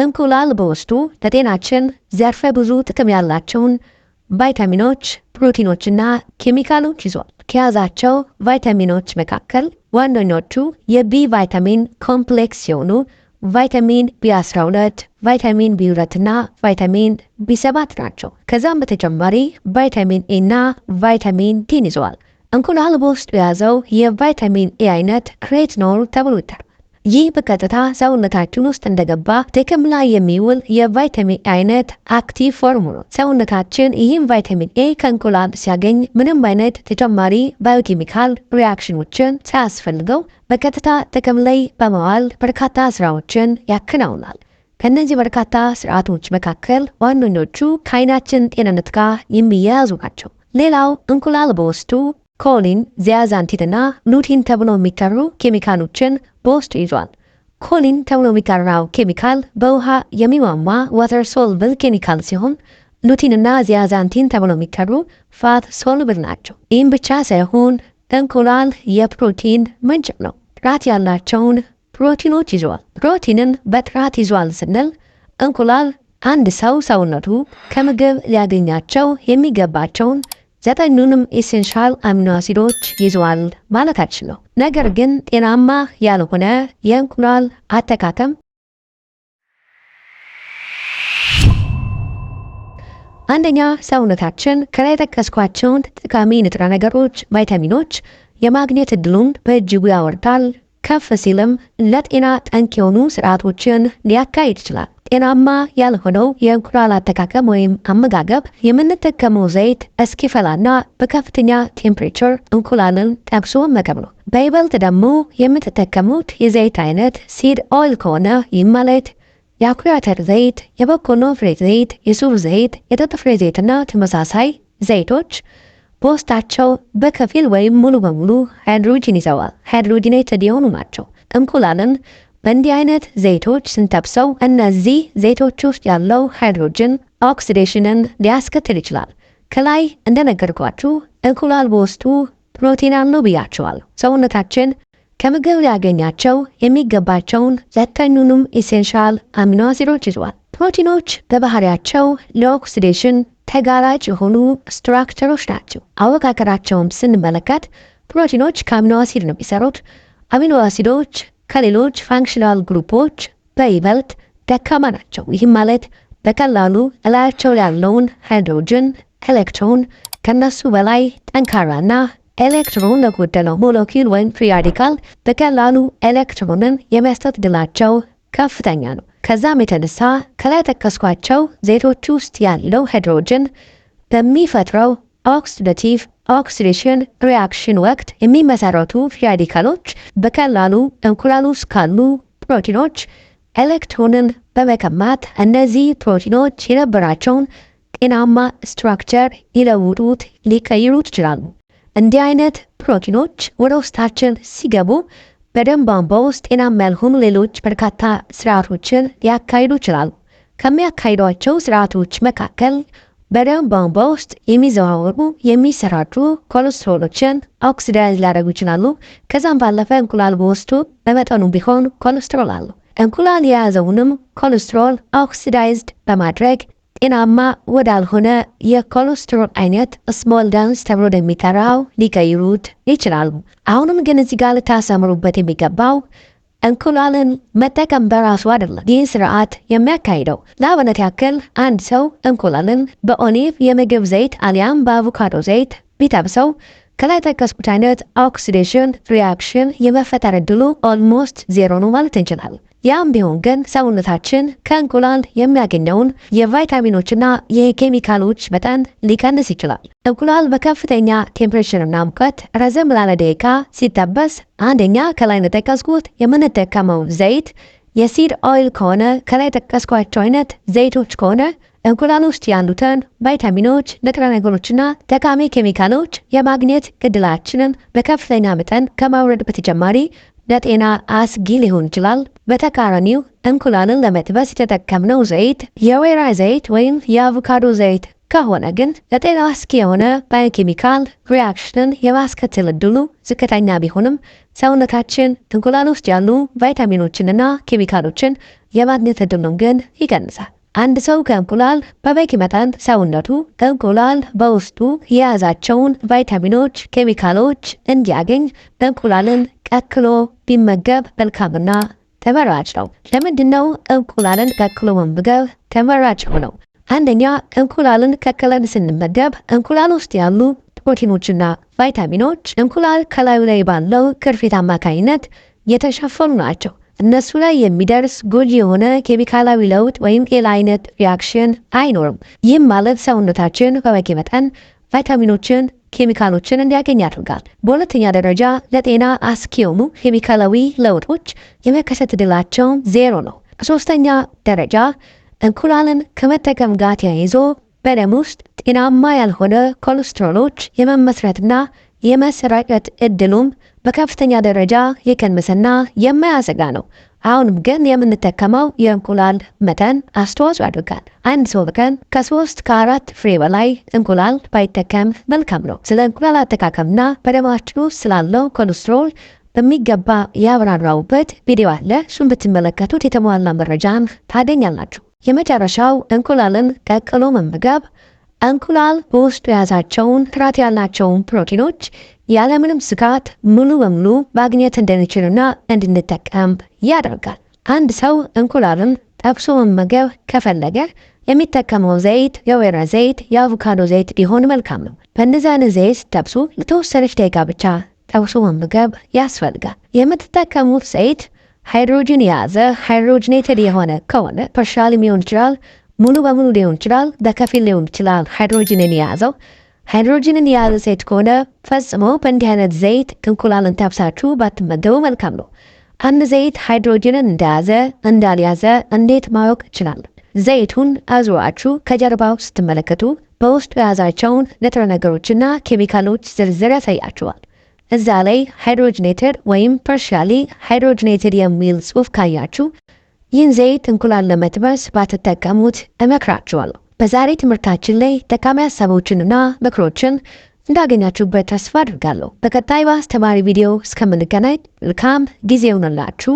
እንቁላል በውስጡ ለጤናችን ዘርፈ ብዙ ጥቅም ያላቸውን ቫይታሚኖች፣ ፕሮቲኖችና ኬሚካሎች ይዟል። ከያዛቸው ቫይታሚኖች መካከል ዋነኞቹ የቢ ቫይታሚን ኮምፕሌክስ የሆኑ ቫይታሚን ቢ12፣ ቫይታሚን ቢ2 እና ቫይታሚን ቢ7 ናቸው። ከዛም በተጨማሪ ቫይታሚን ኤ እና ቫይታሚን ቲን ይዘዋል። እንቁላል በውስጡ የያዘው የቫይታሚን ኤ አይነት ክሬትኖል ተብሎ ይጠራል። ይህ በቀጥታ ሰውነታችን ውስጥ እንደገባ ጥቅም ላይ የሚውል የቫይታሚን አይነት አክቲቭ ፎርም ነው። ሰውነታችን ይህን ቫይታሚን ኤ ከእንቁላል ሲያገኝ ምንም አይነት ተጨማሪ ባዮኬሚካል ሪያክሽኖችን ሳያስፈልገው በቀጥታ ጥቅም ላይ በመዋል በርካታ ስራዎችን ያከናውናል። ከእነዚህ በርካታ ስርዓቶች መካከል ዋነኞቹ ከአይናችን ጤንነት ጋር የሚያያዙ ናቸው። ሌላው እንቁላል በውስጡ ኮሊን ዚያዛንቲትና ሉቲን ተብሎ የሚጠሩ ኬሚካሎችን በውስጡ ይዟል። ኮሊን ተብሎ የሚጠራው ኬሚካል በውሃ የሚሟሟ ዋተር ሶልብል ኬሚካል ሲሆን ሉቲንና ዚያዛንቲን ተብሎ የሚጠሩ ፋት ሶልብል ናቸው። ይህም ብቻ ሳይሆን እንቁላል የፕሮቲን ምንጭ ነው። ጥራት ያላቸውን ፕሮቲኖች ይዘዋል። ፕሮቲንን በጥራት ይዟል ስንል እንቁላል አንድ ሰው ሰውነቱ ከምግብ ሊያገኛቸው የሚገባቸውን ዘጠኙንም ኤሴንሻል አሚኖ አሲዶች ይዘዋል ማለታችን ነው። ነገር ግን ጤናማ ያልሆነ የእንቁላል አተካከም አንደኛ ሰውነታችን ከላይ የጠቀስኳቸውን ጠቃሚ ንጥረ ነገሮች ቫይታሚኖች የማግኘት እድሉን በእጅጉ ያወርታል። ከፍ ሲልም ለጤና ጠንቅ የሆኑ ስርዓቶችን ሊያካሂድ ይችላል። ጤናማ ያልሆነው የእንቁላል አጠቃቀም ወይም አመጋገብ የምንጠቀመው ዘይት እስኪፈላና በከፍተኛ ቴምፕሬቸር እንቁላልን ጠብሶ መቀብ ነው። በይበልጥ ደግሞ የምትጠቀሙት የዘይት አይነት ሲድ ኦይል ከሆነ ይህ ማለት የአኩሪ አተር ዘይት፣ የበቆሎ ፍሬ ዘይት፣ የሱፍ ዘይት፣ የጥጥ ፍሬ ዘይትና ተመሳሳይ ዘይቶች በውስጣቸው በከፊል ወይም ሙሉ በሙሉ ሃይድሮጂን ይዘዋል ሃይድሮጂኔትድ የሆኑ ናቸው። እንቁላልን በእንዲህ አይነት ዘይቶች ስንጠብሰው እነዚህ ዘይቶች ውስጥ ያለው ሃይድሮጅን ኦክሲዴሽንን ሊያስከትል ይችላል። ከላይ እንደነገርኳችሁ እንቁላል በውስጡ ፕሮቲን አለው ብያቸዋል። ሰውነታችን ከምግብ ሊያገኛቸው የሚገባቸውን ዘጠኙንም ኢሴንሻል አሚኖ አሲዶች ይዘዋል። ፕሮቲኖች በባህሪያቸው ለኦክሲዴሽን ተጋራጭ የሆኑ ስትራክቸሮች ናቸው። አወቃቀራቸውም ስንመለከት ፕሮቲኖች ከአሚኖ አሲድ ነው የሚሰሩት። አሚኖ አሲዶች ከሌሎች ፋንክሽናል ግሩፖች በይበልጥ ደካማ ናቸው። ይህም ማለት በቀላሉ እላያቸው ያለውን ሃይድሮጅን ኤሌክትሮን ከነሱ በላይ ጠንካራና ኤሌክትሮን ለጎደለው ሞለኪል ወይም ፍሪ ራዲካል በቀላሉ ኤሌክትሮንን የመስጠት ድላቸው ከፍተኛ ነው። ከዛም የተነሳ ከላይ ጠቀስኳቸው ዘይቶች ውስጥ ያለው ሃይድሮጅን በሚፈጥረው ኦክሲዳቲቭ ኦክሲዴሽን ሪያክሽን ወቅት የሚመሰረቱ ፍሪ በቀላሉ እንቁላል ውስጥ ካሉ ፕሮቲኖች ኤሌክትሮንን በመቀማት እነዚህ ፕሮቲኖች የነበራቸውን ጤናማ ስትራክቸር ሊለውጡት ሊቀይሩት ይችላሉ። እንዲህ አይነት ፕሮቲኖች ወደ ውስጣችን ሲገቡ በደም ቧንቧ ውስጥ ጤናማ ያልሆኑ ሌሎች በርካታ ስርዓቶችን ሊያካሂዱ ይችላሉ። ከሚያካሂዷቸው ስርዓቶች መካከል በደም ቧንቧ ውስጥ የሚዘዋወሩ የሚሰራጩ ኮሌስትሮሎችን ኦክሲዳይዝ ሊያደርጉ ይችላሉ። ከዛም ባለፈ እንቁላል በውስጡ በመጠኑ ቢሆን ኮሌስትሮል አለው። እንቁላል የያዘውንም ኮሌስትሮል ኦክሲዳይዝድ በማድረግ ጤናማ ወዳልሆነ የኮሌስትሮል አይነት ስሞል ዳንስ ተብሎ ወደሚጠራው ሊቀይሩት ይችላሉ። አሁንም ግን እዚህ ጋር ልታሰምሩበት የሚገባው እንቁላልን መጠቀም በራሱ አይደለም ይህ ስርዓት የሚያካሂደው። ለአብነት ያክል አንድ ሰው እንቁላልን በኦሊቭ የምግብ ዘይት አሊያም በአቮካዶ ዘይት ቢጠብሰው ከላይ ጠቀስኩት አይነት ኦክሲዴሽን ሪያክሽን የመፈጠር እድሉ ኦልሞስት ዜሮ ነው ማለት እንችላለን። ያም ቢሆን ግን ሰውነታችን ከእንቁላል የሚያገኘውን የቫይታሚኖችና የኬሚካሎች መጠን ሊቀንስ ይችላል። እንቁላል በከፍተኛ ቴምፕሬቸርና ሙቀት ረዘም ላለ ደቂቃ ሲጠበስ አንደኛ ከላይ እንደጠቀስኩት የምንጠቀመው ዘይት የሲድ ኦይል ከሆነ ከላይ ጠቀስኳቸው አይነት ዘይቶች ከሆነ እንቁላል ውስጥ ያሉትን ቫይታሚኖች፣ ንጥረ ነገሮችና ጠቃሚ ኬሚካሎች የማግኘት ግድላችንን በከፍተኛ መጠን ከማውረድ በተጨማሪ ለጤና አስጊ ሊሆን ይችላል። በተቃራኒው እንቁላልን ለመጥበስ የተጠቀምነው ዘይት የወይራ ዘይት ወይም የአቮካዶ ዘይት ከሆነ ግን ለጤና አስጊ የሆነ ባዮኬሚካል ሪያክሽንን የማስከተል እድሉ ዝቅተኛ ቢሆንም ሰውነታችን እንቁላል ውስጥ ያሉ ቫይታሚኖችንና ኬሚካሎችን የማግኘት እድሉን ግን ይቀንሳል። አንድ ሰው ከእንቁላል በበቂ መጠን ሰውነቱ እንቁላል በውስጡ የያዛቸውን ቫይታሚኖች፣ ኬሚካሎች እንዲያገኝ እንቁላልን ቀቅሎ ቢመገብ መልካምና ተመራጭ ነው። ለምንድን ነው እንቁላልን ቀቅሎ መመገብ ተመራጭ ሆነው? አንደኛ እንቁላልን ቀቅለን ስንመገብ እንቁላል ውስጥ ያሉ ፕሮቲኖችና ቫይታሚኖች እንቁላል ከላዩ ላይ ባለው ቅርፊት አማካኝነት የተሸፈኑ ናቸው። እነሱ ላይ የሚደርስ ጎጂ የሆነ ኬሚካላዊ ለውጥ ወይም ሌላ አይነት ሪያክሽን አይኖርም። ይህም ማለት ሰውነታችን በበቂ መጠን ቫይታሚኖችን ኬሚካሎችን እንዲያገኝ ያደርጋል። በሁለተኛ ደረጃ ለጤና አስኪ የሆኑ ኬሚካላዊ ለውጦች የመከሰት ዕድላቸው ዜሮ ነው። ከሶስተኛ ደረጃ እንቁላልን ከመጠቀም ጋር ተያይዞ በደም ውስጥ ጤናማ ያልሆነ ኮሌስትሮሎች የመመስረትና የመሰራጨት እድሉም በከፍተኛ ደረጃ የቀነሰና የማያሰጋ ነው። አሁንም ግን የምንጠቀመው የእንቁላል መጠን አስተዋጽኦ ያደርጋል። አንድ ሰው በቀን ከሶስት ከአራት ፍሬ በላይ እንቁላል ባይጠቀም መልካም ነው። ስለ እንቁላል አጠቃቀምና በደማችን ውስጥ ስላለው ኮሌስትሮል በሚገባ ያብራራውበት ቪዲዮ አለ። እሱን ብትመለከቱት የተሟላ መረጃን ታገኛላችሁ። የመጨረሻው እንቁላልን ቀቅሎ መመገብ እንቁላል በውስጡ የያዛቸውን ጥራት ያላቸውን ፕሮቲኖች ያለምንም ስጋት ሙሉ በሙሉ ማግኘት እንድንችልና እንድንጠቀም ያደርጋል። አንድ ሰው እንቁላልን ጠብሶ መመገብ ከፈለገ የሚጠቀመው ዘይት የወይራ ዘይት፣ የአቮካዶ ዘይት ሊሆን መልካም ነው። በእነዚህ ዘይት ጠብሱ ለተወሰነች ደቂቃ ብቻ ጠብሶ መመገብ ያስፈልጋል። የምትጠቀሙት ዘይት ሃይድሮጅን የያዘ ሃይድሮጅኔትድ የሆነ ከሆነ ፐርሻል ሊሆን ይችላል ሙሉ በሙሉ ሊሆን ይችላል፣ በከፊል ሊሆን ይችላል። ሃይድሮጅንን የያዘው ሃይድሮጅንን የያዘ ሴት ከሆነ ፈጽሞ በእንዲህ አይነት ዘይት ክንኩላልን ጠብሳችሁ ባትመገቡ መልካም ነው። አንድ ዘይት ሃይድሮጅንን እንደያዘ እንዳልያዘ እንዴት ማወቅ ይችላል? ዘይቱን አዙራችሁ ከጀርባው ስትመለከቱ በውስጡ የያዛቸውን ንጥረ ነገሮችና ኬሚካሎች ዝርዝር ያሳያችኋል። እዛ ላይ ሃይድሮጅኔትድ ወይም ፐርሻሊ ሃይድሮጅኔትድ የሚል ጽሑፍ ካያችሁ ይህን ዘይት እንቁላል ለመጥበስ ባትጠቀሙት እመክራችኋለሁ። በዛሬ ትምህርታችን ላይ ጠቃሚ ሀሳቦችንና ምክሮችን እንዳገኛችሁበት ተስፋ አድርጋለሁ። በቀጣይ በአስተማሪ ቪዲዮ እስከምንገናኝ መልካም ጊዜ ይሁንላችሁ።